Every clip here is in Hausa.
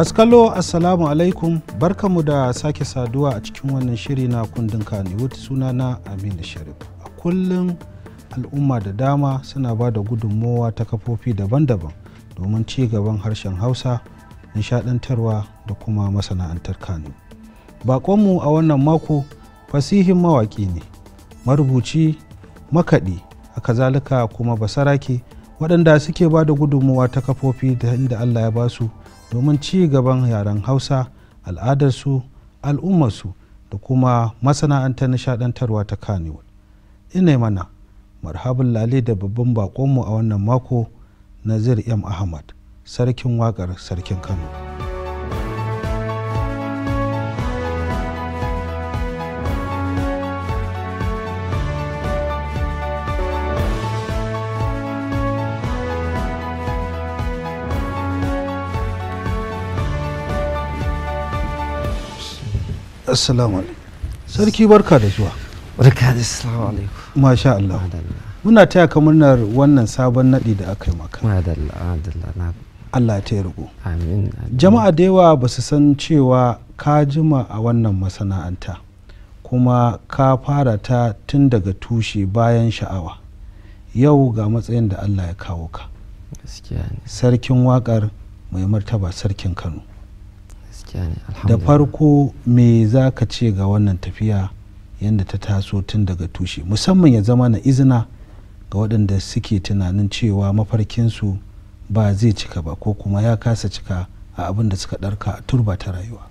masu kallo assalamu alaikum barkamu da sake saduwa a cikin wannan shiri na kundin kaniwood sunana aminu sharif a kullum al'umma da dama suna ba da gudunmowa ta kafofi daban-daban domin ci gaban harshen hausa nishadantarwa da kuma masana'antar kano bakonmu a wannan mako fasihin mawaƙi ne marubuci makaɗi a kazalika kuma basarake waɗanda suke ba da gudunmowa ta kafofi da inda allah ya basu domin ci gaban yaren hausa al'adarsu al'ummarsu da kuma masana'antar nishadantarwa ta kanewa ina mana marhabin lale da babban bakonmu a wannan mako nazir m ahmad sarkin wakar sarkin kano assalamu alaikum sarki barka da zuwa barka da assalamu alaikum masha Allah muna taya ka murnar wannan sabon naɗi da aka yi maka Allah ta yi rugu jama'a da yawa ba su san cewa ka jima a wannan masana'anta kuma ka fara ta tun daga tushe bayan sha'awa yau ga matsayin da Allah ya kawo ka sarkin waƙar mai martaba sarkin Kano da farko me za ka ce ga wannan tafiya yadda ta taso tun daga tushe musamman ya zama na izina ga waɗanda suke tunanin cewa mafarkinsu ba zai cika ba ko kuma ya kasa cika a abin da suka ɗarka a turba ta rayuwa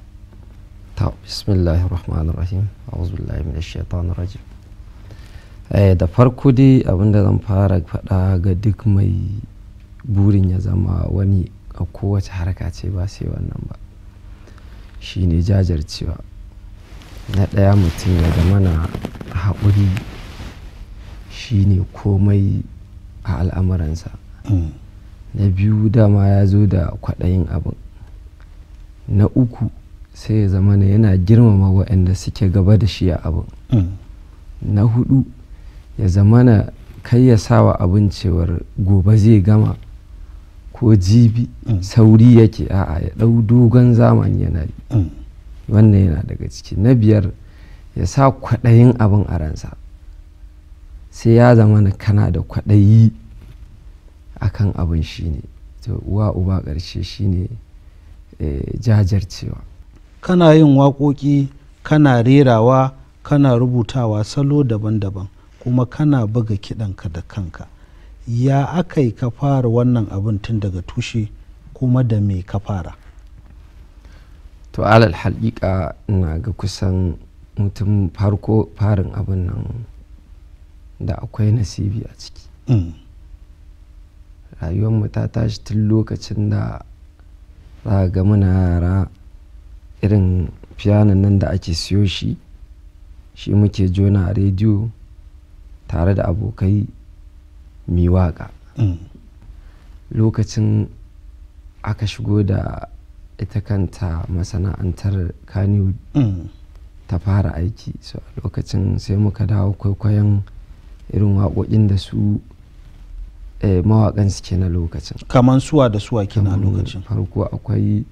eh, da farko dai abin da zan fara faɗa ga duk mai burin ya zama wani a kowace harka ce ba sai wannan ba shine jajircewa na ɗaya mutum ya zama na haƙuri ne komai a al'amuransa na biyu dama ya zo da kwaɗayin abin na uku sai ya zama na yana girmama waɗanda suke gaba da shi a abin na hudu ya zama na kai ya sawa abin cewar gobe zai gama ko jibi mm. sauri yake a'a ya ɗau dogon zamani yana yi mm. wannan yana daga ciki na biyar ya sa kwaɗayin abin a ransa sai ya zama na kana da kwaɗayi kan abin ne ta uwa uba ƙarshe shine eh, jajarcewa kana yin waƙoƙi kana rerawa kana rubutawa salo daban-daban kuma kana buga kiɗanka da kanka ya aka yi ka fara wannan abin tun daga tushe kuma da me ka fara to alal halika na ga kusan mutum farko farin abin nan da akwai nasibi a ciki mm. rayuwarmu ta tashi tun lokacin da za ga muna yara irin fiyanan nan da ake siyo shi shi muke jona a rediyo tare da abokai mi waƙa mm. lokacin aka shigo da ita kanta masana'antar kaniwood mm. ta fara aiki lokacin sai muka dawo kwaikwayon irin waƙoƙin da su eh, mawaƙan suke na lokacin kaman suwa da suwa ke lokacin farko akwai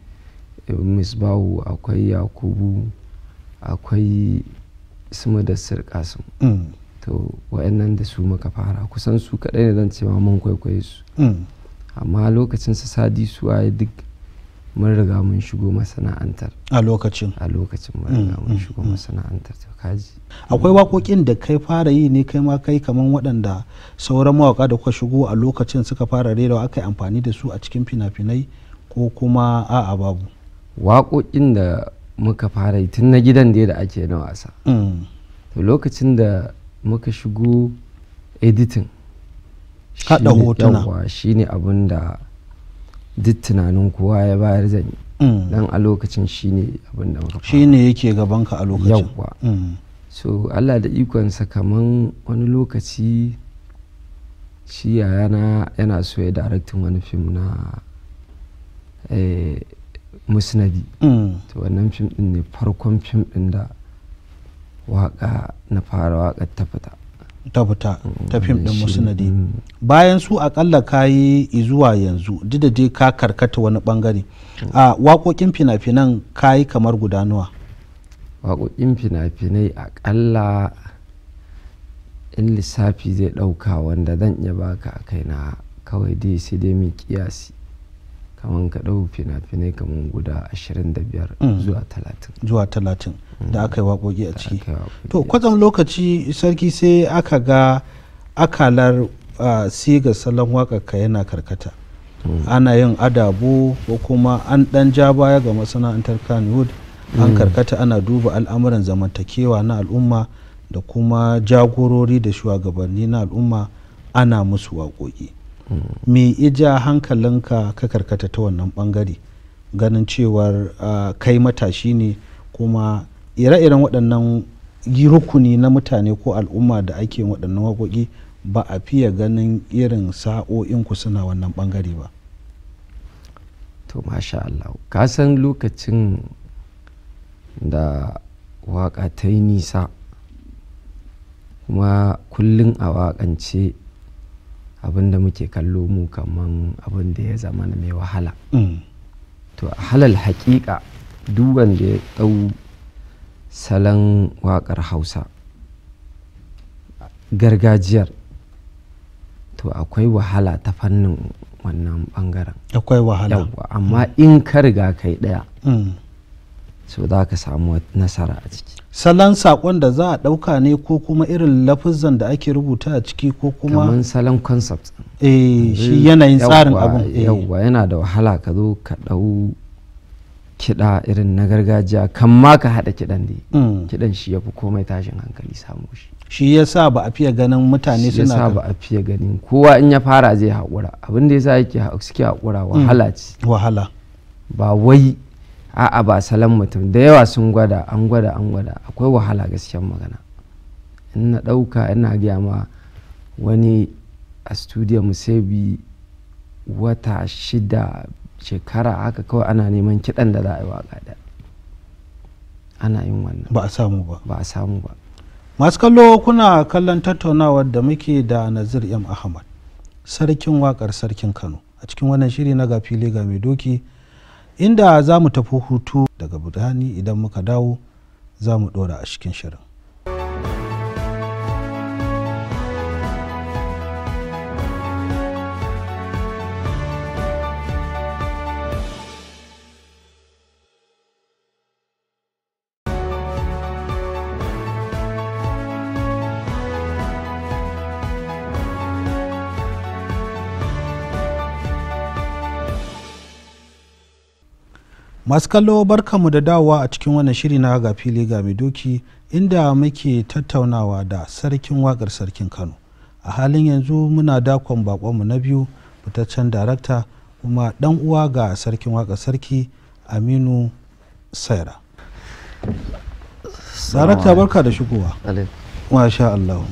eh, misbahu akwai yakubu akwai suma da mm. to wa'annan da su muka fara kusan su kaɗai ne zan cewa mun kwaikwaye su mm. amma lokacin su sadi su waye duk mun riga mun shigo masana'antar a lokacin a lokacin mun riga mm, mun mm, shigo masana'antar to kaji akwai wakokin da kai fara yi ne kai ma kai kaman waɗanda sauran mawaka da kuka shigo a lokacin suka fara rera aka yi amfani da su a cikin fina-finai ko kuma a'a babu wakokin da muka fara yi tun na gidan da ake na wasa to lokacin da muka shigo editin haɗa hotuna shi ne abin da duk tunanin kowa ya bayar zan mm. dan a lokacin shi ne abin da muka shi ne yake gabanka a lokacin yawwa mm. so allah da ikonsa kaman wani lokaci shi yana yana so ya daraktin wani fim na eh, musnadi mm. to wannan fim din ne farkon fim din da waka na fara waka ta fita ta mm, fim din musnadi mm. bayan su akalla kayi zuwa yanzu duk da dai ka karkata wani bangare mm. a waƙoƙin fina-finan ka yi kamar gudanuwa waƙoƙin finafinai finai akalla in lissafi zai ɗauka wanda zan iya baka a kaina kawai dai sai dai mai kiyasi kamar ka ɗau fina-finai kamar guda 25 mm. zuwa 30 zuwa 30 mm. da aka yi waƙoƙi a ciki to kwatsam lokaci sarki sai aka ga akalar siga salon ka yana karkata mm. ana yin adabu ko kuma an ɗan ja baya ga masana'antar kanwood an karkata ana duba al'amuran zamantakewa na al'umma da kuma jagorori da shugabanni na al'umma ana musu waƙoƙi me ija hankalinka ka karkata ta wannan bangare ganin cewar kai matashi ne kuma ire-iren waɗannan yi rukuni na mutane ko al'umma da ake waɗannan waƙoƙi ba a fiye ganin irin sa'o'in ku suna wannan bangare ba to masha Allah ka san lokacin da waƙa ta yi nisa kuma kullum a waƙance abin da muke kallo mu kaman abin da ya zama na mai wahala mm. to a halal hakika duk wanda ya ɗau salon waƙar hausa gargajiyar to akwai wahala ta fannin wannan bangaren akwai wahala amma mm. in ka riga kai ɗaya mm. so za ka samu nasara a ciki salon sakon da za a dauka ne ko kuma irin lafizan da ake rubuta a ciki ko kuma kamar salon concept eh shi yanayin tsarin abin eh. yauwa yana da wahala ka zo ka dau kiɗa irin na gargajiya kan ma ka haɗa kidan ne mm. kidan shi ya fi komai tashin hankali samu shi shi ya sa ba a fiye ganin mutane suna shi sa ba a fiye ganin kowa in ya fara zai haƙura abin da ya sa yake suke haƙura wahala ce mm, wahala ba wai a'a ba salon mutum da yawa sun gwada an gwada an gwada akwai wahala gaskiyan magana ina ɗauka ina gaya ma wani a studio musebi wata shida shekara haka kawai ana neman kiɗan da za a yi waka da ana yin wannan ba a samu ba ba a samu ba masu kallo kuna kallon tattaunawar da muke da nazir m ahmad sarkin wakar sarkin kano a cikin wannan shiri na ga fili ga mai doki inda za mu tafi hutu daga budani idan muka dawo za mu ɗora a cikin shirin masu kallo barkamu da dawowa a cikin wannan shiri na ga fili ga mai doki inda muke tattaunawa da sarkin wakar sarkin kano a halin yanzu muna dakon bakonmu na biyu fitaccen darakta kuma dan uwa ga sarkin wakar sarki aminu saira darakta barka da shigowa masha Allah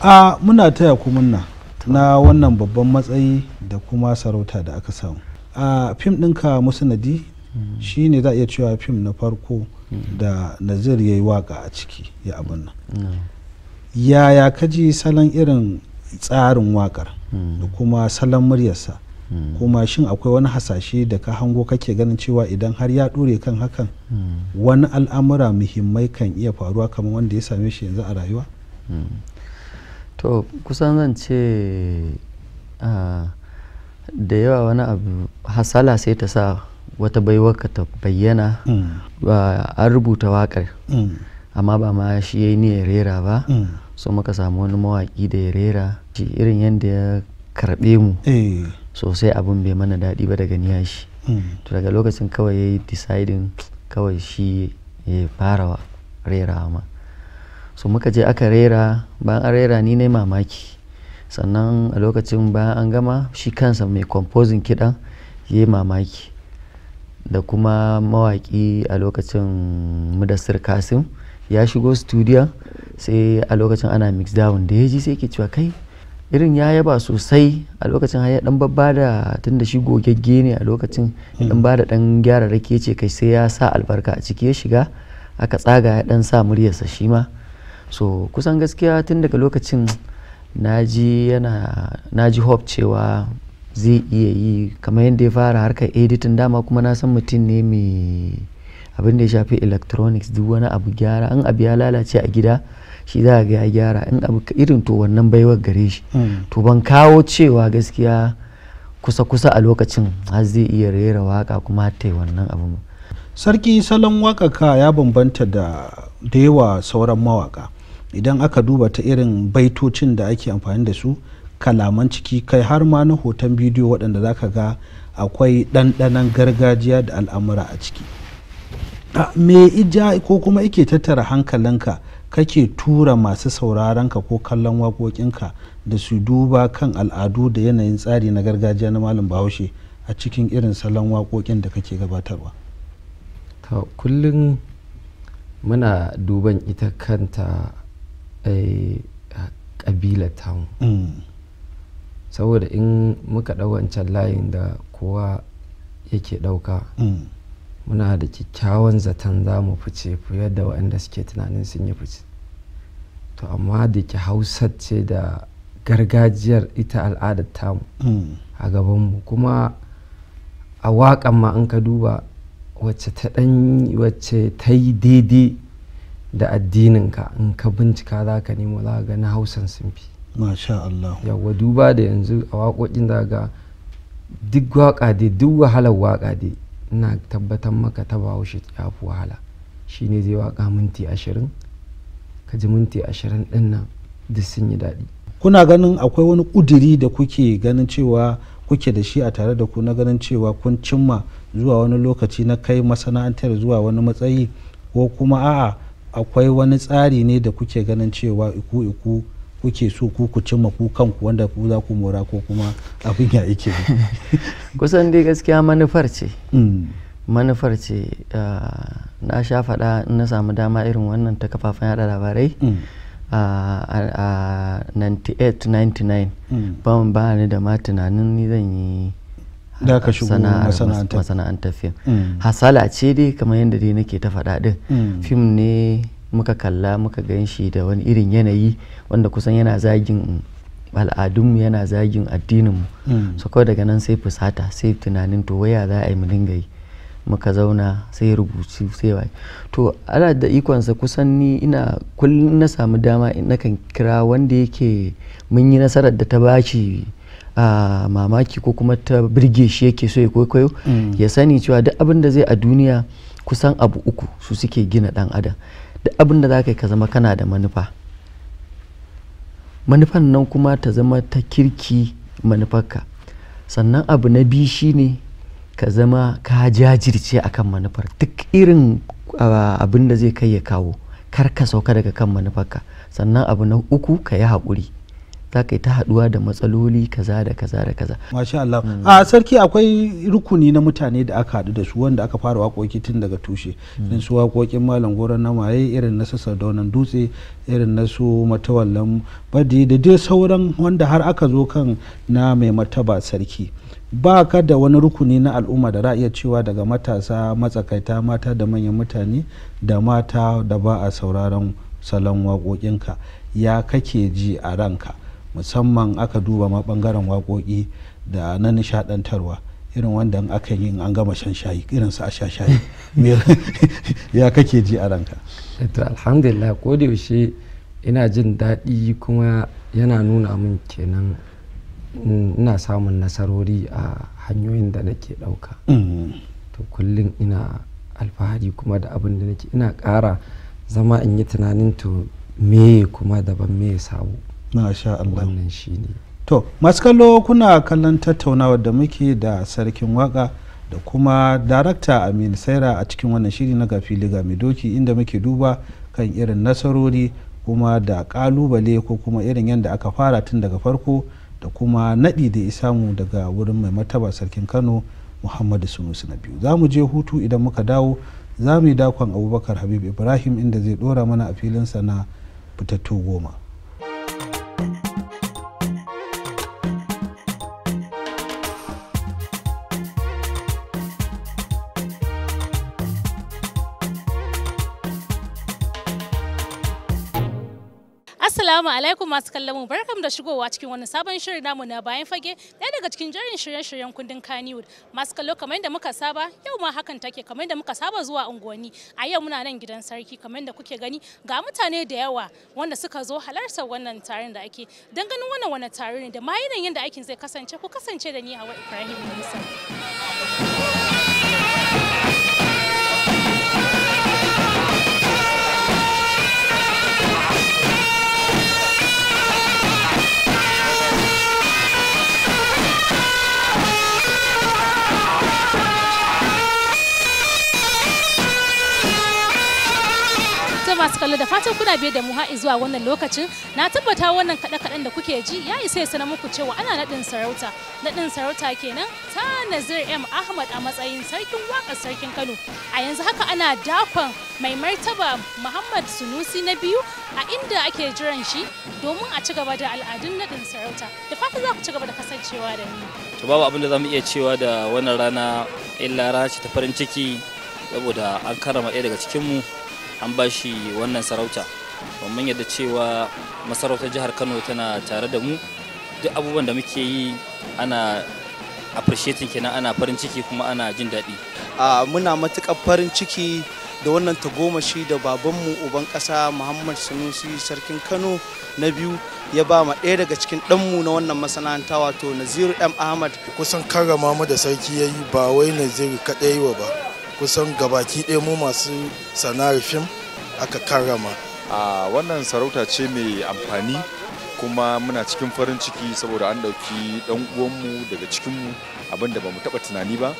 a muna taya kumunna na wannan babban matsayi da kuma sarauta da aka samu a fim ɗinka musanadi shi ne za a iya cewa fim na farko da nazir ya yi waka a ciki ya abin nan yaya kaji salon irin tsarin wakar da kuma salon muryarsa kuma shin akwai wani hasashe da ka hango kake ganin cewa idan har ya ɗore kan hakan wani al'amura muhimmai kan iya faruwa kamar wanda ya same shi yanzu a rayuwa to kusan zan ce ah, da yawa wani abu hasala sai ta sa wata baiwar ka ta bayyana mm. an rubuta wakar. Mm. amma ba ma shi ya yi niyyar rera ba mm. so muka samu wani mawaki da ya rera shi irin yadda ya karɓe mu eh. sosai abin bai mana daɗi ba daga niya shi to daga lokacin kawai ya yi deciding kawai shi ya fara rera ma so muka je aka rera bayan an rera ni ne mamaki sannan a lokacin bayan an gama shi kansa mai composing kiɗan ya yi mamaki da kuma mawaƙi a lokacin mudassir kasim ya shigo studio sai a lokacin ana mix down da ya ji sai ke cewa kai irin ya yaba sosai a lokacin ya dan babba da tun da shi gogegge ne a lokacin dan ba da dan gyara rake ce kai sai ya sa albarka a ciki ya shiga aka tsaga ya dan sa muryarsa shi ma so kusan gaskiya tun daga lokacin na ji hope cewa zai iya yi kamar yadda ya fara harkar editing dama kuma na san mutum ne mai abin da ya shafi electronics duk wani abu gyara in abu ya lalace a gida shi za a ga ya gyara in abu irin to wannan baiwar gare shi hmm. to ban kawo cewa gaskiya kusa-kusa a lokacin har zai iya rera waka kuma ta yi wannan abu sarki salon wakaka ya bambanta da da yawa sauran mawaka idan aka duba ta irin baitocin da ake amfani da su kalaman ciki kai har ma na hoton bidiyo waɗanda za ka ga akwai ɗanɗanon gargajiya da al'amura a ciki me ija ko kuma ike tattara hankalinka kake tura masu sauraronka ko kallon waƙoƙinka da su duba kan al'adu da yanayin tsari na gargajiya na malam bahaushe a cikin irin salon waƙoƙin da kake gabatarwa kullum muna duban ita kanta eh, ƙabila tamu mm. saboda in muka ɗau wancan layin da kowa yake ɗauka mm. muna da kyakkyawan zaton za mu fice fiye da waɗanda suke tunanin sun yi fice to amma da ke hausar ce da gargajiyar ita al'adar tamu mm. a gabanmu kuma a waƙan ma an ka duba wacce ta ɗan wacce ta yi daidai da addininka in ka bincika za ka nemo za ga na hausan sun fi masha Allah yawa duba da yanzu a waƙoƙin da ga duk waƙa dai duk wahalar waƙa dai ina tabbatar maka ta shi ya fi wahala shine zai waƙa minti ashirin ka ji minti ashirin ɗin nan duk sun yi daɗi kuna ganin akwai wani ƙudiri da kuke ganin cewa kuke da shi a tare da ku na ganin cewa kun cimma zuwa wani lokaci na kai masana'antar zuwa wani matsayi ko kuma a'a akwai wani tsari ne da kuke ganin cewa iku iku kuke so ku ku cimma ku kanku wanda ku za ku mora ko kuma abin ya yake kusan dai gaskiya manufar ce hmm. manufar ce ah, na sha faɗa na samu dama irin wannan ta kafafen yada labarai hmm. ah, a 98-99 hmm. ban ba ni da ma tunanin ni zan yi masana'antar fim hasala ce dai kamar yadda dai nake ta faɗa din fim ne muka kalla muka gan shi da wani irin yanayi wanda kusan yana zagin al'adunmu yana zagin addininmu hmm. so kawai daga nan sai fusata sai tunanin to waya za a yi mu dinga yi muka zauna sai rubutu sai wai to ana da ikonsa kusan ni ina kullum na samu dama kan kira wanda yake mun yi nasarar da ta bashi a mamaki ko kuma ta birge shi yake so ya kwaikwayo hmm. ya sani cewa duk abin da zai a duniya kusan abu uku su suke gina dan adam duk abin da za ka yi ka zama kana da manufa manufan nan kuma ta zama ta kirki manufarka sannan abu na biyu shine ka zama ka jajirce a kan manufar duk irin abin da zai kai ya kawo kar ka sauka daga kan manufarka sannan abu na uku ka yi haƙuri za ka yi ta haduwa da matsaloli kaza da kaza da kaza masha Allah hmm. a sarki akwai rukuni na mutane da aka haɗu da su wanda aka fara waƙoƙi tun daga tushe hmm. in su waƙoƙin malam goron na maye irin na sassa daunan dutse irin na su matawallan badi da dai sauran wanda har aka zo kan na mai martaba sarki ba ka da wani rukuni na al'umma da za cewa daga matasa matsakaita mata da manyan mutane da mata da ba a sauraron salon waƙoƙinka ya kake ji a ranka musamman aka duba ma bangaren waƙoƙi da na nishadantarwa irin wanda aka yi an gama shan shayi irin su a sha shayi ya kake ji a ranka ita alhamdulillah ko da yaushe ina jin daɗi kuma yana nuna min kenan ina samun nasarori a hanyoyin da nake ɗauka mm-hmm. to kullum ina alfahari kuma da abin da nake ina ƙara zama in yi tunanin to me kuma daban me sabo na sha Allah wannan shine to masu kallo kuna kallon tattaunawar da muke da sarkin waka da kuma darakta amin Saira a cikin wannan shiri na gafili ga doki inda muke duba kan irin nasarori kuma da kalubale ko kuma irin yadda aka fara tun daga farko da kuma nadi da isamu daga wurin mai mataba sarkin kano muhammadu sunusu na biyu za mu je hutu idan muka dawo za mu yi dakon abubakar habib ibrahim inda zai ɗora mana a filinsa na fitattu goma Yeah. Assalamu alaikum masu kallon mu barkam da shigowa cikin wani sabon shirin namu na bayan fage ɗaya daga cikin jerin shirye-shiryen kundin Kannywood masu kallo kamar da muka saba yau ma hakan take kamar da muka saba zuwa unguwanni a yau muna nan gidan sarki kamar da kuke gani ga mutane da yawa wanda suka zo halartar wannan taron da ake dan ganin wannan wani tari ne da ma yanayin yadda aikin zai kasance ku kasance da ni a Hawa Ibrahim Musa. masu kallo da fatan kuna biye da mu har zuwa wannan lokacin na tabbata wannan kada kadan da kuke ji ya isa ya sanar muku cewa ana naɗin sarauta naɗin sarauta kenan ta Nazir M Ahmad a matsayin sarkin waka sarkin Kano a yanzu haka ana dakon mai martaba Muhammad Sunusi na biyu a inda ake jiran shi domin a ci gaba da al'adun naɗin sarauta da fatan za ku ci gaba da kasancewa da ni to babu abin da zamu iya cewa da wannan rana illa rana ce ta farin ciki saboda an karama ɗaya daga cikin mu an ba shi wannan sarauta mun yadda cewa masarautar jihar kano tana tare da mu duk abubuwan da muke yi ana appreciating kenan ana farin ciki kuma ana jin daɗi muna matuƙar farin ciki da wannan tagomashi da babanmu uban ƙasa muhammad sanusi sarkin kano na biyu ya ba ma ɗaya daga cikin ɗanmu na wannan masana'anta wato naziru m ahmad kusan karrama da sarki ya yi ba wai naziru kaɗai wa ba kusan gabaki ɗaya mu masu sana'ar fim aka karrama a wannan sarauta ce mai amfani kuma muna cikin farin ciki saboda an ɗauki ɗan uwanmu daga cikinmu abinda ba mu taɓa tunani ba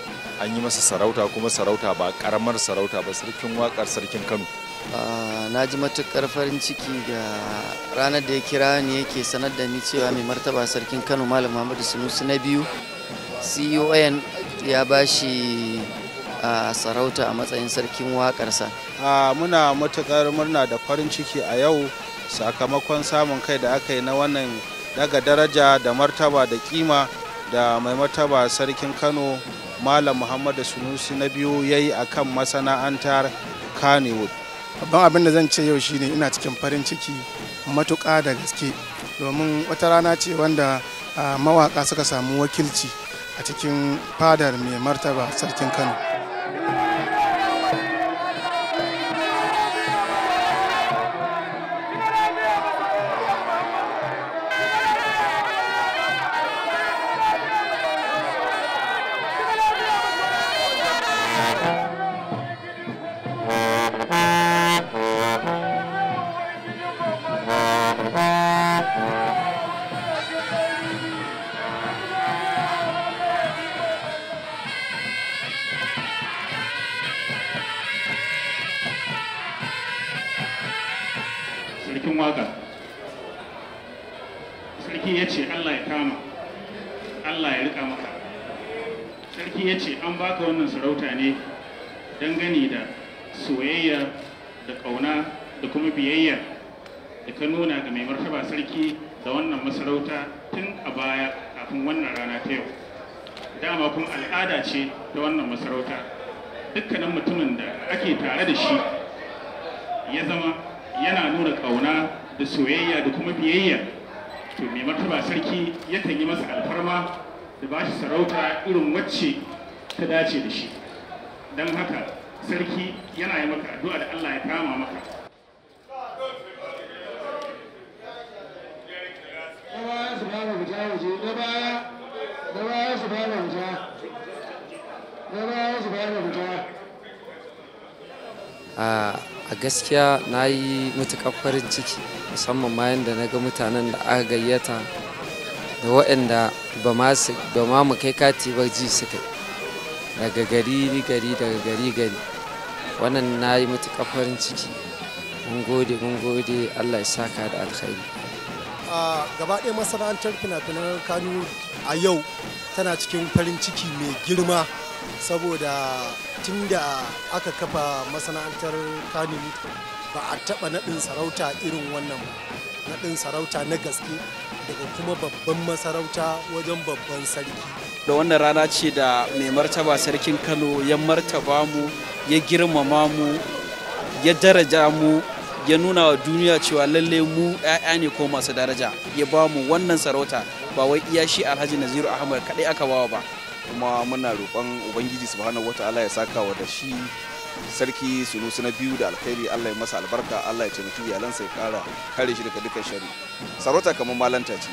an yi masa sarauta kuma sarauta ba ƙaramar sarauta ba sarkin waƙar sarkin kano na ji matuƙar farin ciki ga ranar da ya kira ni yake sanar da ni cewa mai martaba sarkin kano malam muhammadu sunusu na biyu CEO ya bashi a sarauta a matsayin sarkin waƙarsa. muna matuƙar murna da farin ciki a yau sakamakon samun kai da aka yi na wannan daga daraja da martaba da kima da mai martaba sarkin kano malam muhammadu sunusi na biyu ya yi a kan masana'antar kanewood babban abin da zan ce yau shine ina cikin farin ciki matuƙa da gaske domin wata rana ce wanda mawaƙa suka samu wakilci a cikin fadar mai martaba sarkin kano cikin waka sarki ya ce allah ya kama allah ya rika maka sarki ya ce an baka wannan sarauta ne dangane da soyayya da ƙauna da kuma biyayya da ka nuna ga mai martaba sarki da wannan masarauta tun a baya kafin wannan rana ta yau dama kuma al'ada ce ta wannan masarauta dukkanin mutumin da ake tare da shi ya zama yana nuna ƙauna da soyayya da kuma biyayya to mai martaba sarki yakan yi masa alfarma da ba shi sarauta irin wacce ta dace da shi don haka sarki yana yi maka addu'a da Allah ya kama maka a a gaskiya na yi matuƙar farin ciki musamman ma yadda na ga mutanen da aka gayyata da waɗanda ba ma mu kai kati ba ji suka daga gari gari daga gari gari wannan na yi matuƙar farin ciki mun gode mun gode allah ya saka da alkhairi a gaba ɗaya masana'antar fina-finan kanu a yau tana cikin farin ciki mai girma saboda tun da aka kafa masana'antar kanuni ba a taɓa naɗin sarauta irin wannan ba naɗin sarauta na gaske daga kuma babban masarauta wajen babban sarki da wannan rana ce da mai martaba sarkin kano ya martaba mu ya girmama mu ya daraja mu ya nuna wa duniya cewa lalle mu 'ya'ya ne ko masu daraja ya ba mu wannan sarauta ba wai iya shi alhaji naziru ahmad kaɗai aka bawa ba kuma muna roƙon ubangiji subhanahu wataala ya saka wa da shi sarki sunusu na biyu da alkhairi allah ya masa albarka allah ya taimaki iyalansa ya kara kare shi daga dukkan shari sarauta kamar malanta ce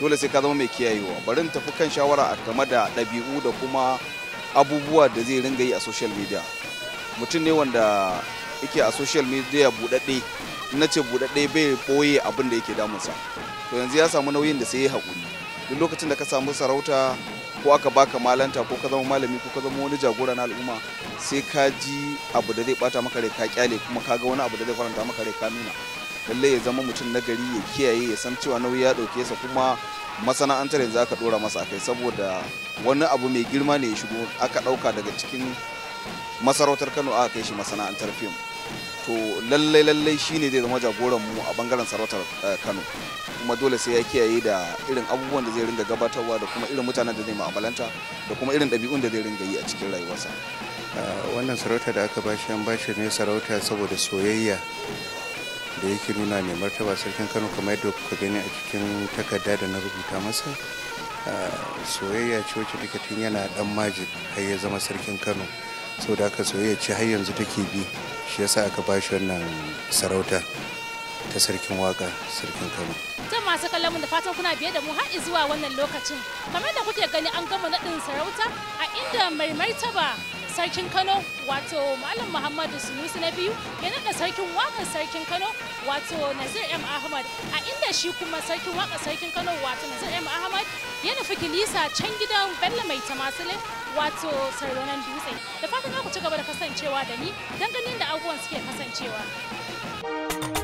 dole sai ka zama mai kiyayewa bari in tafi kan shawara a game da ɗabi'u da kuma abubuwa da zai ringa yi a social media mutum ne wanda yake a social media buɗaɗɗe na ce buɗaɗɗe bai ɓoye abin da yake damunsa to yanzu ya samu nauyin da sai ya haƙuri duk lokacin da ka samu sarauta ko aka baka malanta ko ka zama malami ko ka zama wani jagora na al'umma sai ka ji abu da zai bata maka rai ka kyale kuma ka ga wani abu da zai faranta maka rai ka nuna lallai ya zama mutum na gari ya kiyaye ya san cewa nauyi ya dauke sa kuma masana'antar yanzu aka dora masa akai saboda wani abu mai girma ne ya shigo aka ɗauka daga cikin masarautar kano aka kai shi masana'antar fim to lallai lallai shine zai zama jagoran mu a bangaren sarautar eh, Kano kuma dole sai ya kiyaye da irin abubuwan da zai ringa gabatarwa da kuma irin mutanen da zai ma'amalanta da kuma irin ɗabi'un da zai ringa yi a cikin rayuwarsa eh, wannan sarauta da aka bashi an bashi ne sarauta saboda soyayya da yake nuna mai martaba sarkin kano kamar yadda kuka gani a cikin takarda da na rubuta masa eh, soyayya ce wacce take tun yana dan majin har ya zama sarkin kano saboda haka soyayya ce har yanzu take bi shi yasa aka ba shi wannan sarauta ta sarkin waka sarkin kano zan masu kallon da fatan kuna biye da mu har zuwa wannan lokacin kamar da kuke gani an gama naɗin sarauta a inda mai martaba sarkin kano wato malam muhammadu sunusi na biyu ya naɗa sarkin wakan sarkin kano wato nazir m ahmad a inda shi kuma sarkin wakan sarkin kano wato nazir m ahmad ya nufi kilisa can gidan bello mai tamasilin wato sarronan dutse da fatan ku ci gaba da kasancewa da ni don ganin da abubuwan suke kasancewa.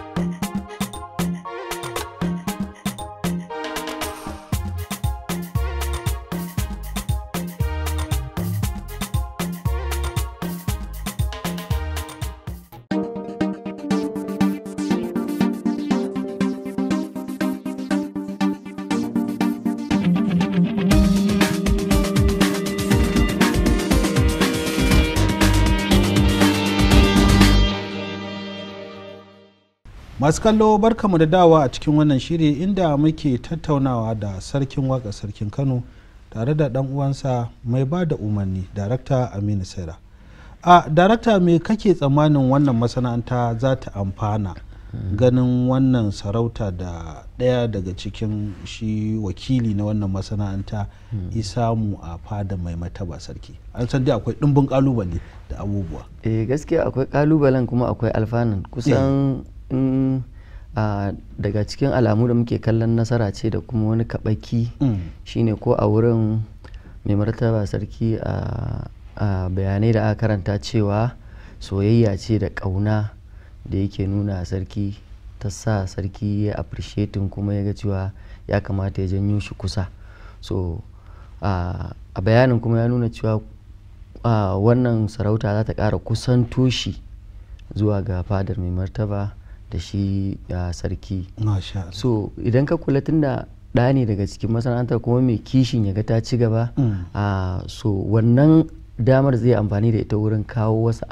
masu kallo da dawa a cikin wannan shiri inda muke tattaunawa da sarkin waka sarkin kano tare da dan uwansa mai ba da umarni darakta aminu saira a darakta me kake tsammanin wannan masana'anta za ta amfana ganin wannan sarauta da ɗaya daga cikin shi wakili na wannan masana'anta isamu a fada mai mataba sarki an san dai akwai dimbin kalubale da abubuwa eh gaskiya akwai ƙalubalen kuma akwai alfanun eh. kusan in daga cikin alamu da muke kallon nasara ce da kuma wani kaɓaki mm. shine ko a wurin mai martaba sarki a bayanai da aka karanta cewa soyayya ce da ƙauna da yake nuna a sarki ta sa sarki ya appreciating kuma ya ga cewa ya kamata ya janyo shi kusa so a bayanin kuma ya nuna cewa wannan sarauta za ta ƙara kusan shi zuwa ga fadar mai martaba da shi sarki so idan ka kula tunda da ne daga cikin masana'antar kuma mai kishin ya ga ta ci gaba mm. so wannan damar zai amfani da ita wurin kawo wasu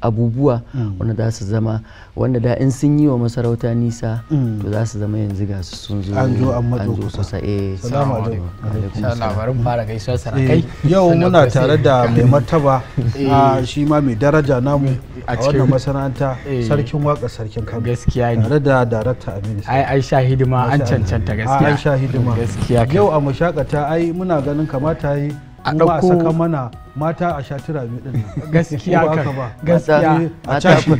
abubuwa mm. wanda za su zama wanda da in sun yi wa masarauta nisa mm. to za su zama yanzu ga su sun zo an zo an matso kusa eh salamu alaikum labarin fara gaisuwar sarakai eh, yau muna tare da mai martaba eh. shi ma mai daraja namu eh. a wannan masana'anta eh. sarkin waka sarkin kano gaskiya ne tare da darakta aminu ai ai sha hidima an cancanta gaskiya ah, ai sha hidima gaskiya yau a mushakata ai muna ganin kamata yi a ɗauko saka mana mata a sha turami din gaskiya ka ba gaskiya eh, a cashi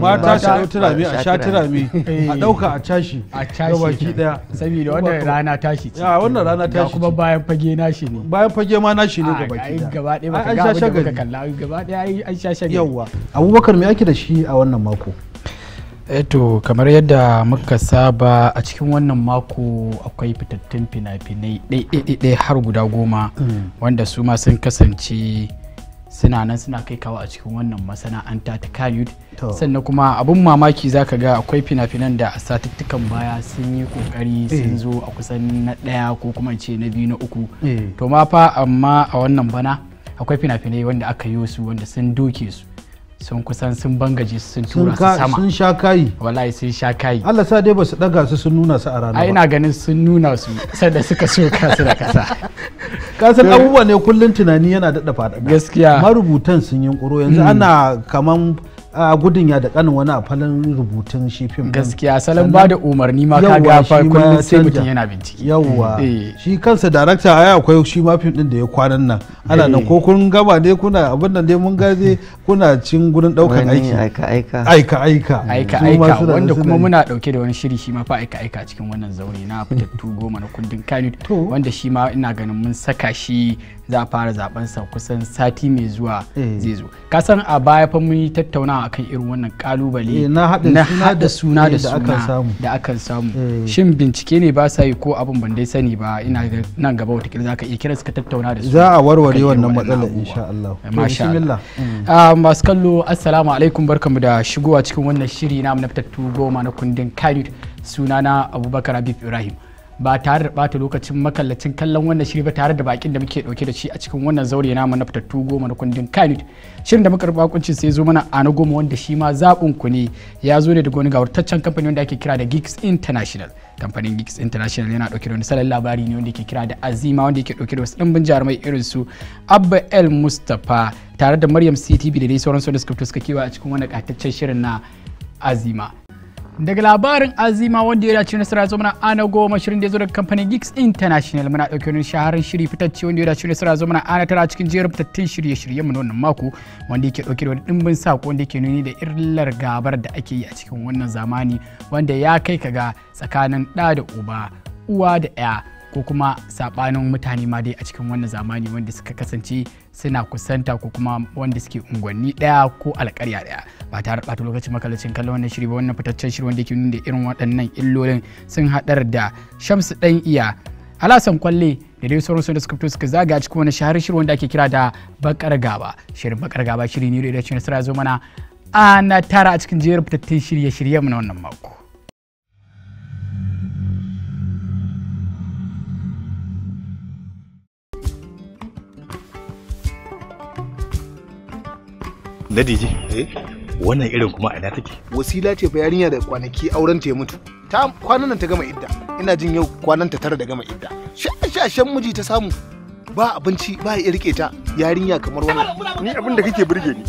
mata sha turami a sha turami a eh. ɗauka a cashi a cashi baki daya saboda wannan rana tashi ce a wannan rana tashi kuma bayan fage nashi ne bayan fage ma nashi ne gaba ki gaba ɗaya ba ka ga abin da kalla gaba ɗaya an sha shagali yawa abubakar me ake da shi a wannan mako eto eh kamar yadda muka saba a cikin wannan mako akwai fitattun fina-finai ɗaiɗaiɗai har guda goma mm. wanda su ma sun kasance suna nan suna kai kawo a cikin wannan masana'anta ta kayud sannan kuma abin mamaki za ka ga akwai fina-finan da a satuttukan baya sun yi kokari sun eh. zo a kusan na ɗaya ko kuma ce na biyu na uku eh. to ma fa amma a wannan bana akwai fina-finai wanda aka yi wasu wanda sun doke su sun kusan sun bangaje sun tura su sama sun sha kayi wallahi sun sha kayi Allah sa dai basu daga su sun nuna su a rana ai ina ganin sun nuna su sanda suka so kasu da kasa kasan abubuwa ne kullun tunani yana daɗa faɗaɗa gaskiya marubutan sun yi yanzu hmm. ana kaman a gudun ya da kanin wani a falon rubutun shi fim gaskiya salon ba da umarni ma ka gafa kullum sai mutum yana bincike yawwa eh. shi kansa darakta aya akwai shi ma fim din da ya kwanan nan ana nan eh. ko kun gaba ne kuna abin nan dai mun gaje kuna cin gurin daukan aiki aika aika aika aika aika aika wanda kuma muna dauke da wani shiri shi ma fa aika aika cikin wannan zaure na fitattu goma na kundin kanu wanda shi ma ina ganin mun saka shi za a fara sa kusan sati mai zuwa eh. zai zo kasan a baya fa mun yi tattaunawa akan irin wannan kalubale eh, na hada suna da suna da eh, akan samu shin bincike ne ba sa yi ko abin ban dai sani ba ina nan gaba wata za ka iya kira suka tattauna da su za a warware wannan matsalar insha Allah masha Allah ah, masu kallo assalamu alaikum barkamu da shigowa cikin wannan shiri na na fitattu goma na kundin kanut sunana Abubakar abib Ibrahim ba tare da bata lokacin makallacin kallon wannan shiri ba tare da bakin da muke dauke da shi a cikin wannan zaure na na fitattu goma na kundin kanut shirin da muka rubuta kunci sai zo mana a na goma wanda shi ma zabun ku ne ya zo ne daga wani gawartaccen kamfani wanda ake kira da Geeks International kamfanin Geeks International yana dauke da wani salon labari ne wanda yake kira da Azima wanda yake dauke da wasu dimbin jarumai irin su Abba El Mustapha tare da Maryam CTV da dai sauransu da suka fito suka kewa a cikin wannan kataccen shirin na Azima daga labarin azima wanda ya dace nasara zo mana ana goma shirin da ya zo daga kamfanin geeks international muna ɗauke wani shaharar shiri fitacce wanda ya dace nasara zo mana ana tara cikin jerin fitattun shirye-shiryen mu na wannan mako wanda yake ɗauke da wani ɗimbin sako wanda yake nuni da irlar gabar da ake yi a cikin wannan zamani wanda ya kai ka ga tsakanin ɗa da uba uwa da ɗaya ko kuma saɓanin mutane ma dai a cikin wannan zamani wanda suka kasance suna kusanta ko kuma wanda suke unguwanni daya ko alƙarya daya ba tare ɓata lokacin makalacin kallon wannan shiri ba wannan fitaccen shiri wanda ke nuna irin waɗannan illolin sun haɗar da shamsu ɗan iya alasan kwalle da dai sauransu da suka fito suka zaga a cikin wani shahararren shirin wanda ake kira da bakar gaba shirin bakar gaba shiri ne da ya ce nasara zo mana ana tara a cikin jerin fitattun shirye-shiryen na wannan mako na dije eh wannan irin kuma a ina take wasila ce fa yarinya da kwanaki auren ta ya mutu ta kwanan nan ta gama idda ina jin yau kwanan ta tara da gama idda shashashen miji ta samu ba abinci ba ya rike ta yarinya kamar wannan ni abin da kake burge ni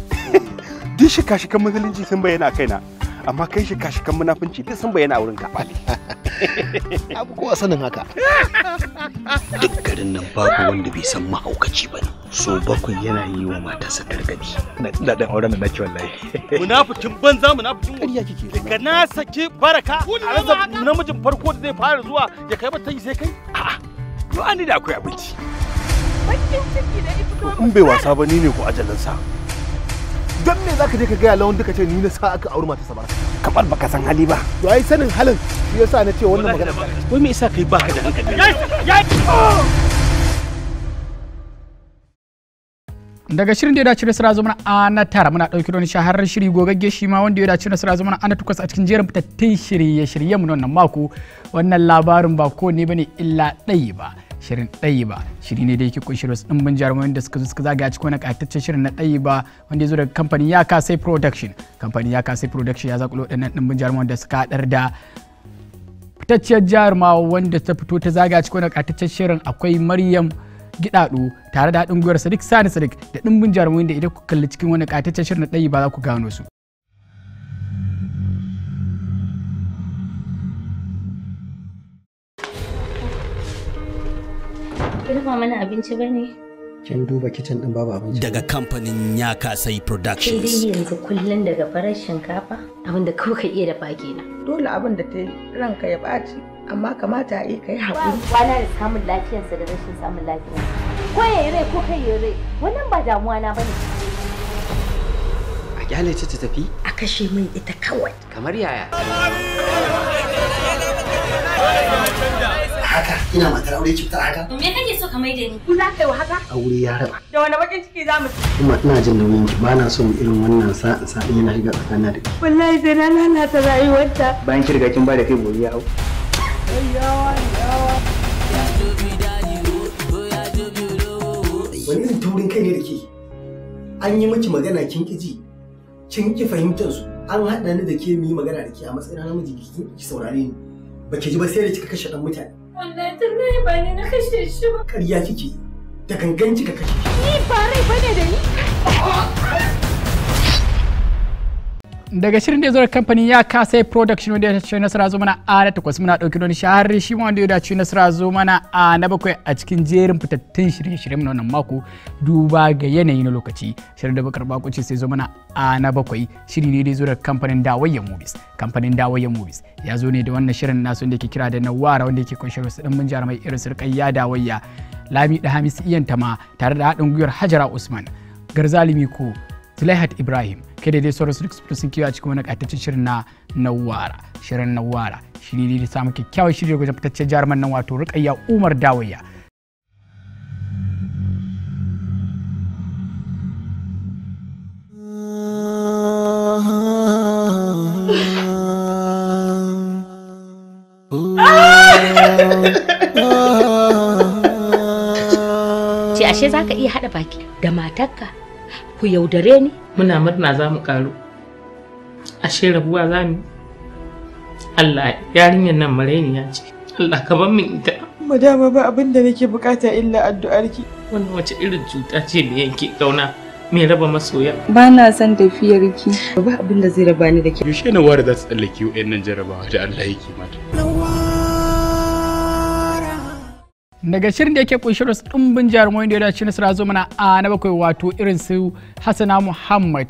duk kashi kan musulunci sun bayyana kaina amma kai shi kashi kan munafunci duk sun bayyana a wurin ka abu kowa sanin haka duk garin nan babu wanda bai san mahaukaci ba ne so bakwai yana yi wa matarsa gargadi na dan auren da nake wallahi munafikin banza munafikin ƙarya kike daga na saki baraka a rasa namijin farko da zai fara zuwa ya kai ta yi sai kai a'a yo an da akwai abinci bakin ciki da in bai wasa ba ni ne ko ajalinsa don me zaka je ka gaya lawan duka ce ni na sa aka auri mata sabar kabar baka san hali ba to ai sanin halin shi yasa na ce wannan magana wai me yasa kai baka da hankali daga shirin da ya dace da sura zuma ana tara muna dauki don shaharar shiri gogagge shi ma wanda ya dace da sura zuma ana takwas a cikin jerin fitattun shirye-shiryen mu wannan mako wannan labarin ba ko ne bane illa ɗaya ba shirin ɗayi ba shiri ne da yake kunshi wasu ɗimbin jarumomin da suka zo suka zagaya cikin wani ƙataccen shirin na ɗayi ba wanda ya zo daga kamfanin ya sai production kamfanin ya sai production ya zakulo ɗannan ɗimbin jarumomin da suka haɗar da fitacciyar jaruma wanda ta fito ta zagaya cikin wani ƙataccen shirin akwai maryam gidaɗo tare da haɗin gwiwar sadiq sani sadiq da ɗimbin jarumomin da idan ku kalli cikin wani ƙataccen shirin na ɗayi ba za ku gano su. ki mana abinci ba ne? Kin duba kicin din babu abinci. Daga kamfanin ya kasai productions. Sai dai yanzu kullum daga farar shinkafa abinda kawai ka iya dafa kenan. Dole abin da ta ranka ya ɓaci amma kamata a yi ka yi haƙuri. Kwana da samun lafiyarsa da rashin samun lafiyarsa. Ko ya yi rai ko kai ya rai wannan ba damuwa na bane. A kyale ta ta tafi? A kashe min ita kawai. Kamar yaya? haka ina matar aure cutar haka to me kake so ka maida ni ku za ka yi haka aure ya raba da wani bakin ciki za mu kuma ina jin nauyin ki ba na son irin wannan sa'a sa'a yana shiga tsakanin da ki wallahi sai na lalata rayuwarta bayan ki riga kin ba da kai gobe ya hau yawa yawa wani irin taurin kai ne da ke an yi miki magana kin ki kin ki fahimtar su an haɗa ni da ke mu yi magana da ke a matsayin namiji ki saurare ni ba ki ji ba sai da kika kashe ɗan mutane Wallahi rai ba ne na kashe shi ba. Ƙarya kike da gangan kika kashe shi. Ni ba rai bane da ni. daga shirin da ya zo da kamfani ya kasa production wanda ya ce nasara zo mana a na takwas muna ɗauki wani shahar shi wanda ya dace nasara zo mana a na bakwai a cikin jerin fitattun shirye-shiryen na wannan mako duba ga yanayi na lokaci shirin da bakar bako ce sai zo mana a na bakwai shiri ne da ya zo da kamfanin dawayyan movies kamfanin dawayyan movies ya zo ne da wannan shirin nasu wanda ke kira da nawara wanda ke kunshi wasu ɗan mun jarumai irin su ya dawayya lami da hamisu iyan tama tare da haɗin gwiwar hajara usman garzalimi ko Tilaihat Ibrahim kai da dai sauran su duk sun kiwa cikin wani ƙataccen shirin na Nawara shirin Nawara shiri ne da samun kyakkyawan shiri wajen fitaccen jaruman nan wato Rukayya Umar dawaya. Ce ashe za ka iya haɗa baki da matarka ku yaudare ni muna murna za mu karu ashe rabuwa za mu Allah yarinyar nan ya ce Allah ka bar min ita madama ba abin da nake bukata illa addu'arki wannan wace irin cuta ce da yanke kauna me raba masoya ba na son tafiyar ki ba abin da zai raba ni da ke yaushe na ware za su tsallake wayannan jarabawa da Allah yake mata daga shirin da yake kunshi rasu ɗumbin jarumai da ya dace nasara zo mana a na bakwai wato irin su hassana muhammad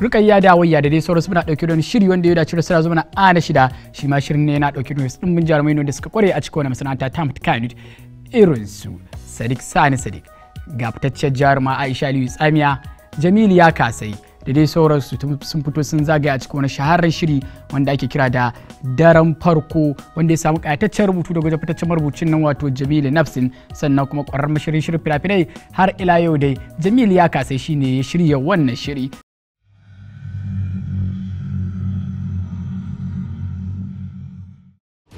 rukayya da wayya da dai sauransu muna dauke da wani shiri wanda ya dace nasara zo mana a na shida shi ma shirin ne yana dauke da wasu ɗumbin jarumai da suka kware a cikin wani masana'anta ta mutuka irin su sadiq sani sadiq ga fitaccen jaruma aisha aliyu tsamiya jamilu ya kasai da dai sauransu sun fito sun zagaya a cikin wani shaharar shiri wanda ake kira da daren farko wanda ya samu kayataccen rubutu daga fitaccen marubucin nan wato Jamil Nafsin sannan kuma ƙwararren mashirin shirin fina-finai har ila yau dai Jamil ya kasai shine ya shirya wannan shiri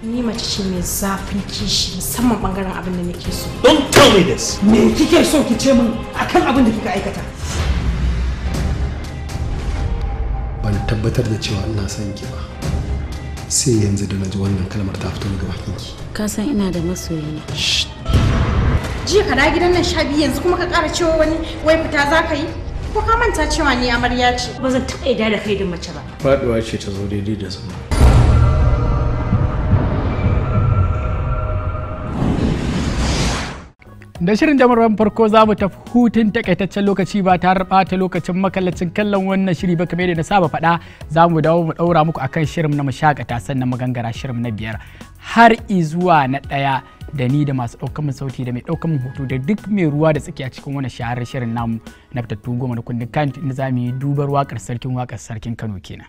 ni mace ce mai zafin kishi musamman bangaren abin da nake so. Don't tell me this. Me kike so ki ce min akan abin da kika aikata? tabbatar da cewa ina son ki ba sai yanzu da naji wannan kalmar ta fito daga bakin ki ka san ina da masoyi ne jiya ka da gidan nan sha biyu yanzu kuma ka kara cewa wani wai fita za ka yi ko ka manta cewa ni amarya ce ba zan taɓa yarda da kai da mace ba faɗuwa ce ta zo daidai da zama da shirin damarwan farko za mu tafi hutun takaitaccen lokaci ba ta bata lokacin makallacin kallon wannan shiri ba kamar yadda na saba faɗa za mu dawo mu ɗaura muku akan shirin na mashakata sannan magangara shirin na biyar har izuwa na ɗaya da ni da masu ɗaukar min sauti da mai ɗaukar min hoto da duk mai ruwa da tsakiya a cikin wani shahararren shirin namu na fitattun goma da kundin kan inda za mu yi dubar wakar sarkin waƙar sarkin kano kenan.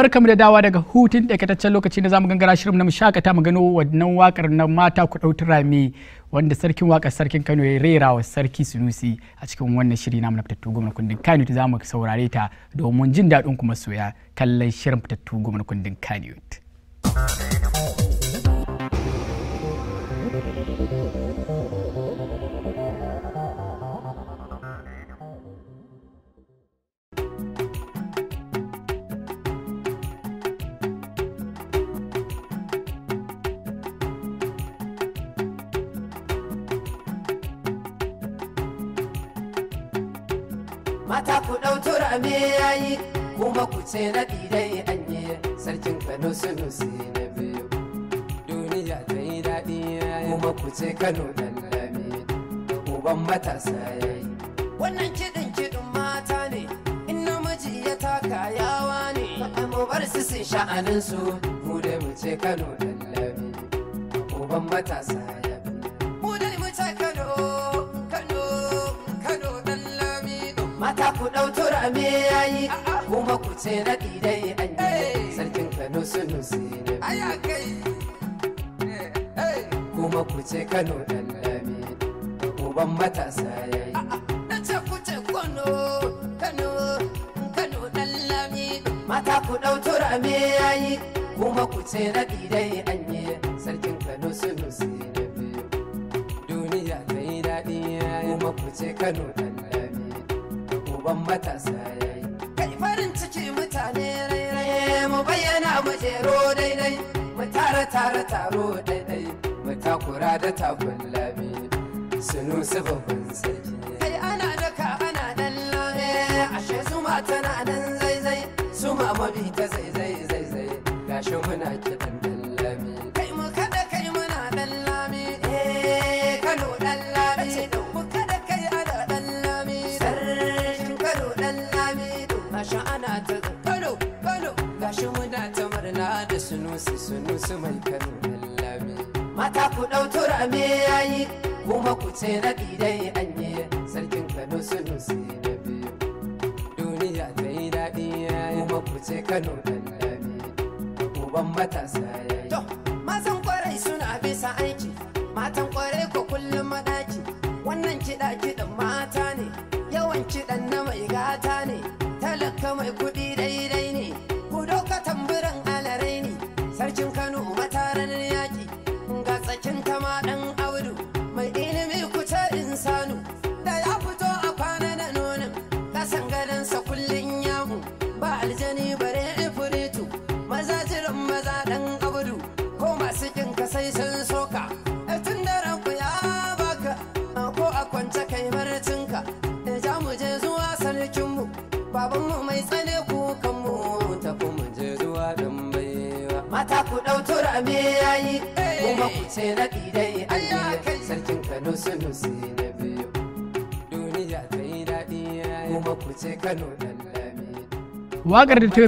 barkamu da dawa daga hutun takaitaccen lokaci na zamu gangara shirin na shakata mu gano wannan wakar na mata ku ɗau turame wanda sarkin wakar sarkin Kano ya rera wa sarki Sunusi a cikin wannan shiri na na fitattu gwamnati kundin Kano zamu saurare ta domin jin daɗin kuma soya kallon shirin fitattu kundin Kano. mata ku ɗau turame yayi kuma ku ce na dai anye sarkin kano sunusi na biyu duniya ta yi daɗi kuma ku ce kano ɗan uban matasa yayi wannan kiɗin kiɗin mata ne in namiji ya taka yawa ne mu bar su sun sha'anin su mu dai mu ce kano ɗan uban matasa yayi mata ku ɗau turame yayi kuma ku ce na dai an yi eh. sarkin kano sunu na eh, eh. kuma ku ce kano ɗan lami uban matasa yayi na ce ku ce kano kano kano ɗan lami mata ku ɗau turame yayi kuma ku ce na dai an yi sarkin kano sunu na biyu duniya ta yi daɗi kuma ku ce kano ɗan roƙon matasa yayi kai farin ciki mutane rairaye mu bayyana mu jero daidai mu tara tara taro daidai mu takura da takun labi su su babban sarki kai ana daka ana dan lame ashe zuma tana nan zaizai zuma mabi ta zaizai zaizai gashi muna kiɗan su sunu su mai mata ku ɗau turame yayi kuma ku ce na ɗidai anye sarkin kano sunu su na biyu duniya ta yi daɗi yayi kuma ku ce kano lallami uban matasa yayi mazan kwarai suna bisa aiki matan kwarai ko kullum madaki wannan kiɗa kiɗan mata ne yawan kiɗan na mai gata ne talaka mai kuɗi dai turabe eh. ta yi da ta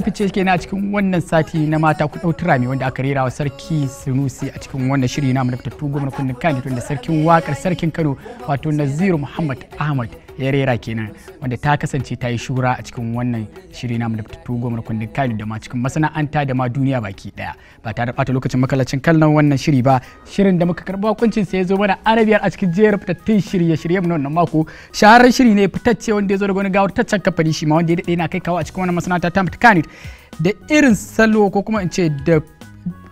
fice ke na cikin wannan sati na mata ku ɗau turami wanda aka rera wa sarki sunusi a cikin wannan shiri na mu da fitattu gwamnatin kan da sarkin Wakar sarkin kano wato naziru muhammad ahmad ya rera kenan wanda ta kasance ta yi shura a cikin wannan shiri namu da tugomar kundin kano da ma cikin masana'anta da ma duniya baki daya ba tare da bata lokacin makalacin kallon wannan shiri ba shirin da muka karba hukuncin sai ya zo mana arabiyar a cikin jerin fitattun shirye shirye mu wannan mako shaharar shiri ne fitacce wanda ya zo daga wani gawurtaccen kamfani shi ma wanda ya daɗe na kai kawo a cikin wannan masana'anta ta mutu da irin salo ko kuma in ce da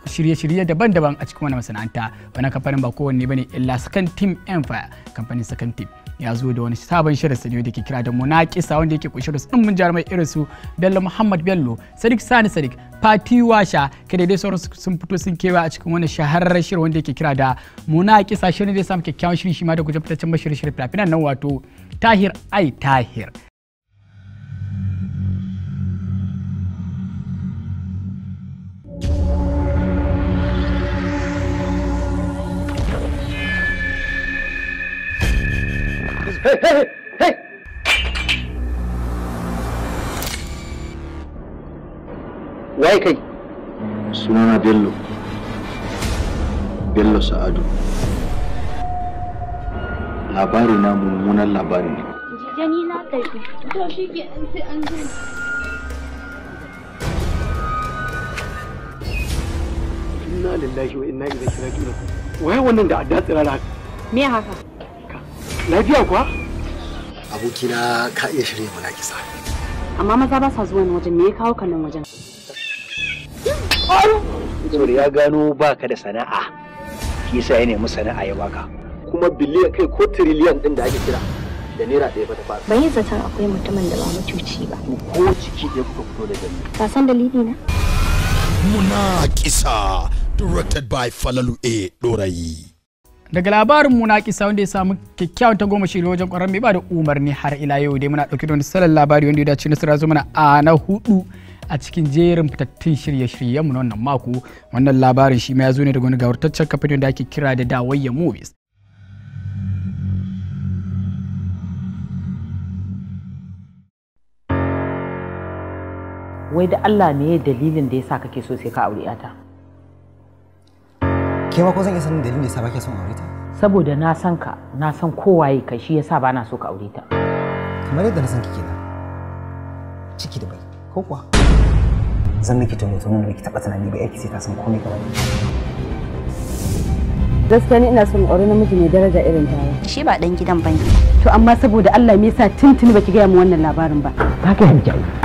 shirye-shirye daban-daban a cikin wannan masana'anta wani kamfanin ba kowanne ne illa second team empire kamfanin second team ya zo da wani sabon shirin sa ne da ke kira da kisa wanda yake kunshe da mun jarumai irin su Bello Muhammad Bello Sadiq Sani Sadiq Fati Washa kada dai sauransu sun fito sun kewa a cikin wani shahararren shirin wanda yake kira da kisa shirin da ya samu kyakkyawan shirin shi ma da gujen fitaccen mashirin shirin fina-finan nan wato Tahir Ai Tahir Wai kai? Sunana Bello. Bello Sa'adu. Labari na mummunan labari ne. Jijani na kai. To shi ke an sai an zo. inna lillahi wa inna ilaihi raji'un wai wannan da adda tsirara me haka Lafiya kuwa? Abokina ka iya shirya mana kisa. Amma maza ba sa zuwa wajen me ya kawo ka nan wajen? Saboda ya gano ba ka da sana'a. Kisa ya nemi sana'a ya baka. Kuma biliyan kai ko tiriliyan din da ake kira da naira ɗaya ba ta faru. Ban yi zaton akwai mutumin da ba mutuci ba. Ko ciki ɗaya kuka fito da gani. Ka san dalili na? Muna kisa directed by Falalu A. Dorayi. daga labarin kisa wanda ya samu kyakkyawan ta goma shirya wajen kwarar mai ba da umarni har ila yau dai muna ɗauki da wani salon labari wanda ya dace na sirazu mana a na hudu a cikin jerin fitattun shirye-shiryen mu na wannan mako wannan labarin shi ma ya zo ne daga wani gawartaccen kamfanin da ake kira da dawayya movies wai da Allah ne ya dalilin da ya sa kake so sai ka aure ta ke ma ko zan iya sanin dalilin da ya sa ba ke son aure ta saboda na san ka na san kowaye ka shi yasa ba na so ka aure ta kamar yadda na san kike na ciki da bai ko kuwa zan miki ta mutum da ki taba tunani ba yake sai ta san komai kamar gaskiya ne ina son aure namiji mai daraja irin ta shi ba dan gidan bane to amma saboda Allah me yasa tuntuni baki ga mu wannan labarin ba ka ga hijab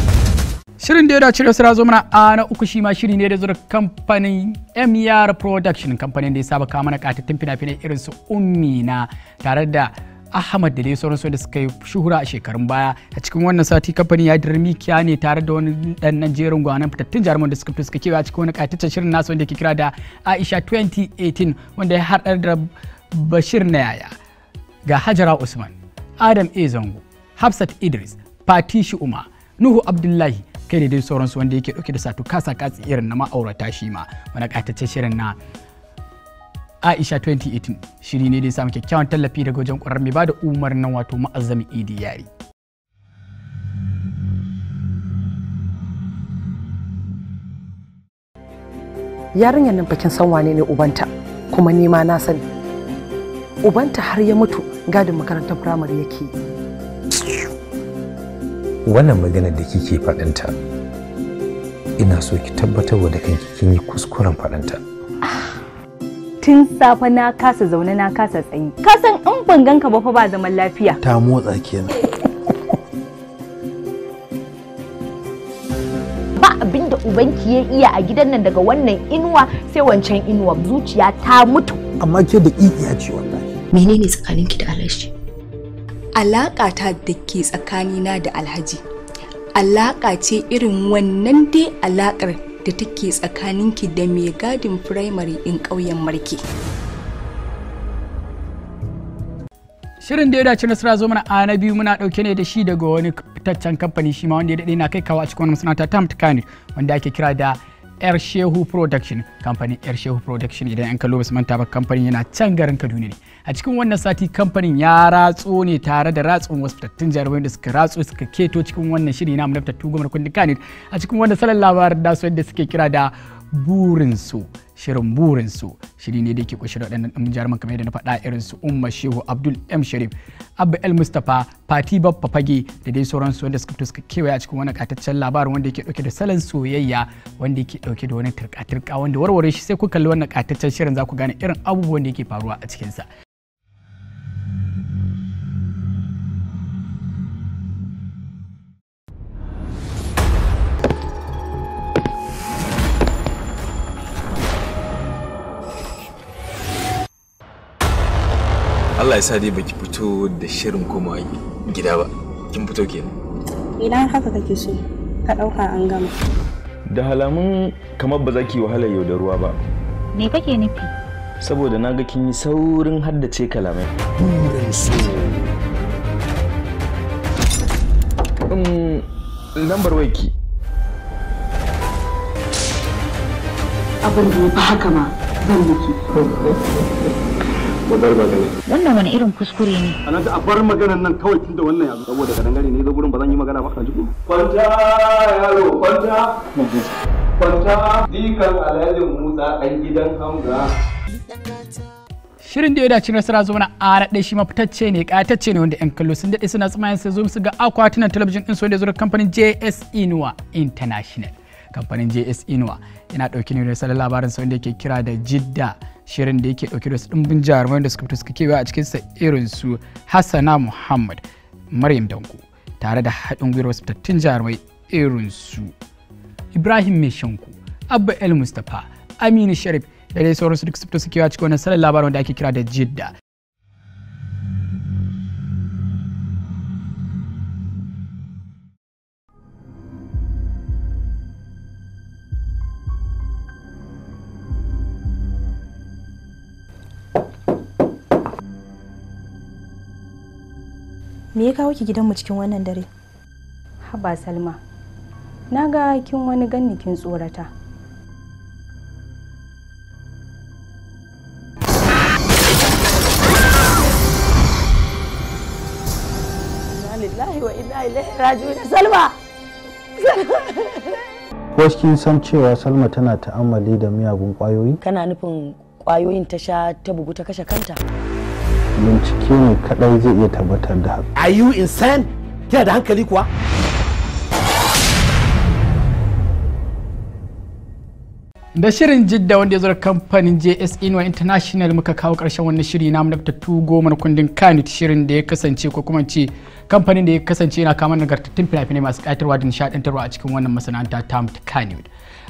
Shirin da ya dace da sura zo a na uku shi ma shiri ne da zura kamfanin MR e Production kamfanin da ya saba kawo mana katattun fina-finai irin su Ummi na tare da Ahmad da dai sauransu da suka yi shuhura a shekarun baya a cikin wannan sati kamfanin ya dirmi mikiya ne tare da wani dan Najeriya gwanan fitattun jaruman da suka suka kewa a cikin wani katattun shirin nasu wanda ke kira da Aisha 2018 wanda ya haɗar da Bashir na yaya. ga Hajara Usman Adam A Zango Hafsat Idris Fatishi Umar Nuhu Abdullahi kai da dai sauransu wanda yake dauke da satu kasa katsi irin na ma'aurata shi ma wani katacce shirin na Aisha 2018 shiri ne dai samu kyakkyawan tallafi daga wajen kwarar mai bada umarnin wato ma'azzami Idi Yari. Yarinyar nan bakin san wane ne ubanta kuma ni na sani. Ubanta har ya mutu gadin makarantar firamare yake. wannan maganar da kike faɗinta ina so ki tabbatar da kanki kin yi kuskuren faɗinta tun safe na kasa zaune na kasa tsayi ka san in ban ganka ba fa ba zaman lafiya ta motsa kenan ba abin da ubanki ya iya a gidan nan daga wannan inuwa sai wancan inuwa zuciya ta mutu amma ke da iya ce wannan. menene tsakaninki da alashi alaƙata da ke tsakanina da alhaji alaƙa ce irin wannan dai alaƙar da take tsakaninki da mai gadin firamare in ƙauyen marke shirin da ya dace nasara zo mana a na biyu muna ɗauke ne da shi daga wani fitaccen kamfani shi ma wanda ya daɗe na kai kawo a cikin wani masana ta mutukani wanda ake kira da air shehu production kamfanin air shehu production idan an kallo basu manta ba kamfanin yana can garin kaduna ne a cikin wannan sati kamfanin ya ratso ne tare da ratsun wasu fitattun jarumai da suka ratso suka keto cikin wannan shiri na mu na fitattun gwamnati a cikin wannan salon labarin da su yadda suke kira da burinsu shirin burinsu shiri ne da ke kushe da waɗannan jaruman kamar yadda na faɗa irin su umma shehu abdul m sharif abba el mustapha fati babba fage da dai sauransu wanda suka fito suka kewaye a cikin wani kataccen labarin wanda yake ɗauke da salon soyayya wanda yake ɗauke da wani turka-turka wanda warware shi sai ku kalli wannan kataccen shirin za ku gane irin abubuwan da yake faruwa a cikinsa Allah ya sa dai baki fito da shirin koma gida ba. Kin fito kenan. Idan haka kake so, ka ɗauka an gama. Da halamun kamar ba za ki wahala yau da ruwa ba. Me kake nufi? Saboda na ga kin yi saurin haddace kalamai. Burin so. Um, lambar waiki. Abin da ya fi haka ma zan miki. mu magana wannan wani irin kuskure ne ana da a bar maganan nan kawai tunda wannan yanzu saboda kadangare ne zo gurin ba zan yi magana ba ka ji ko kwanta yaro kwanta kwanta dikan alalin musa dan gidan hamza shirin da ya dace nasara zo mana a raɗe shi mafitacce ne ƙayatacce ne wanda 'yan kallo sun daɗe suna tsumayen sai zo su ga akwatunan talabijin ɗin wanda ya kamfanin JSE Inuwa International kamfanin JSE Inuwa yana ɗauki ne da salon labarin sa wanda ke kira da Jidda shirin da yake dauke da su dimbin jarumai da suka fito suka kewa a cikinsa irin su hassana muhammad maryam danko tare da haɗin gwiwar wasu fitattun jarumai irin su ibrahim mai abba el mustapha aminu sharif da dai sauransu duk su suka suke a cikin wannan salon labarin da ake kira da jidda me ya kawo ki gidanmu cikin wannan dare haba salma na ga kin wani ganni kin tsorata Salma! kin san cewa Salma tana ta'ammali da miyagun kwayoyi? Kana nufin kwayoyin ta sha ta bugu ta kashe kanta? bincike ne kadai zai iya tabbatar da haka are you insane kina da hankali kuwa da shirin jidda wanda ya zo da kamfanin jsn international muka kawo karshen wannan shiri na fitattu goma na kundin kanit shirin da ya kasance ko kuma ce kamfanin da ya kasance yana kama nagartattun fina-finai masu ƙayatarwa da nishadantarwa a cikin wannan masana'anta ta kanit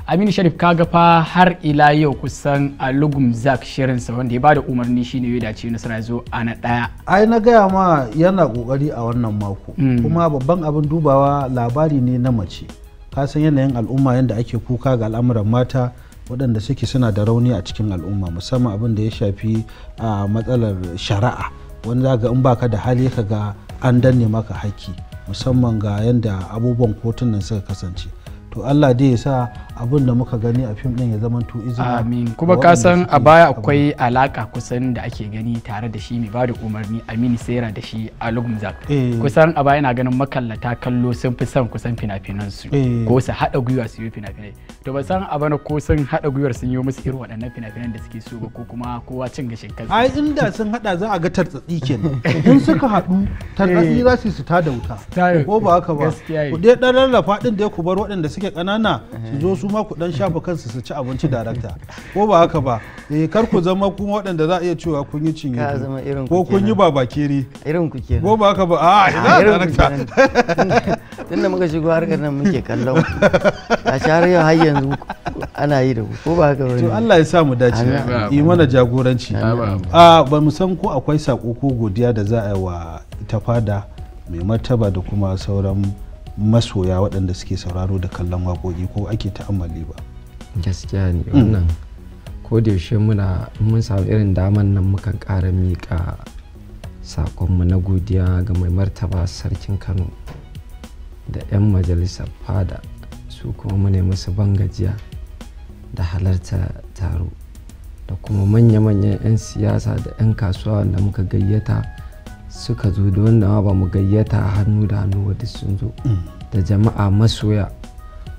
aminu sharif kaga fa har ila yau kusan a lugum zak shirinsa wanda ya bada umarni shine ya dace nasara zo a na daya ai na gaya ma yana kokari a wannan mako mm. kuma babban abin dubawa labari ne na mace ka san yanayin al'umma yanda ake kuka ga al'amuran mata waɗanda suke suna da rauni a cikin al'umma musamman abin da ya shafi a matsalar shari'a wanda ga in baka da hali ka ga an danne maka haƙƙi musamman ga yanda abubuwan kotunan suka kasance to allah dai ya sa abin da muka gani a fim din ya zama to izina amin kuma ka san a baya akwai alaka kusan da ake gani tare da shi mai bada umarni amin sera da shi a lugumzak eh. kusan a baya ina ganin makallata kallo sun fi son kusan fina-finan su eh. ko su haɗa gwiwa su yi fina-finai to ba san a bana ko sun haɗa gwiwar sun yi musu irin waɗannan fina-finan da suke so ba ko kuma kowa cin gashin kansu ai inda sun haɗa za a ga tartsatsi kenan in suka haɗu tartsatsi eh. za su ta da wuta ko ba haka ba ku dai ɗan rarrafa ɗin da ku bar waɗanda suke ƙanana su zo su su ma ku dan shafa kansu su ci abinci darakta ko ba haka ba eh kar ku zama kun waɗanda za a iya cewa kun yi cinye ko kun yi babakere irin ku kenan ko ba haka ba a ah, ina darakta tunda muka shigo harkar nan muke kallon a shahar yau har yanzu ana yi da ku ko ba haka ba to Allah ya sa mu dace yi mana jagoranci a ba mu san ko akwai sako ko godiya da za a yi wa ita fada mai martaba da kuma sauran masoya waɗanda suke sauraro da kallon waƙoƙi ko ake ta'ammali ba gaskiya ne mm. wannan ko da yaushe muna mun samu irin daman nan mukan ƙara miƙa saƙonmu na godiya ga mai martaba sarkin kano da 'yan majalisar fada su kuma mu ne ban gajiya da halarta taro da kuma manya-manyan 'yan siyasa da 'yan kasuwa da muka gayyata suka zo da wannan ba mu gayyata hannu da hannu wadda sun zo mm. da jama'a masoya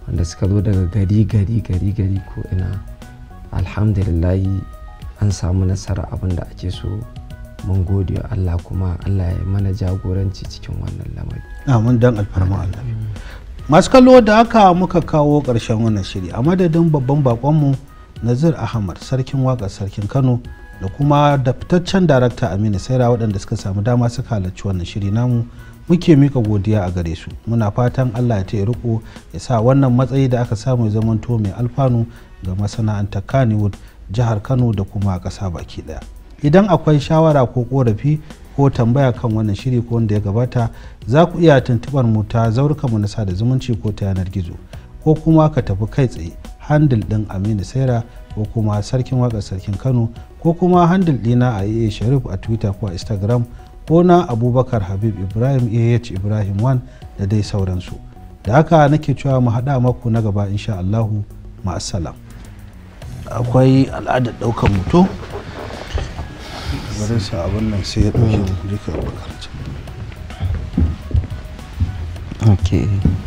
wanda suka zo daga gari gari gari gari ko ina alhamdulillahi an samu nasara abin da ake so mun gode wa Allah kuma Allah ya mana jagoranci cikin wannan lamari. Amin dan alfarma Allah. Masu kallo da aka muka kawo ƙarshen wannan shiri a madadin babban bakonmu Nazir Ahmad sarkin waka sarkin Kano da kuma da fitaccen darakta aminu saira waɗanda suka samu dama suka halarci wannan shiri namu muke mika godiya a gare su muna fatan allah ya ta riko ya sa wannan matsayi da aka samu ya to mai alfanu ga masana'antar kanewood jihar kano da kuma ƙasa baki ɗaya idan akwai shawara ko korafi ko tambaya kan wannan shiri ko wanda ya gabata za ku iya tuntubar mu ta mu na sada zumunci ko ta yanar gizo ko kuma ka tafi kai tsaye handle ɗin aminu saira ko kuma sarkin waƙa sarkin kano ko kuma handle ɗina a iya sharif a twitter ko a instagram ko na abubakar habib ibrahim ah ibrahim 1 da dai sauransu da haka nake cewa mu haɗa maku na gaba insha allahu ma'asala akwai al'adar ɗaukar mutu bari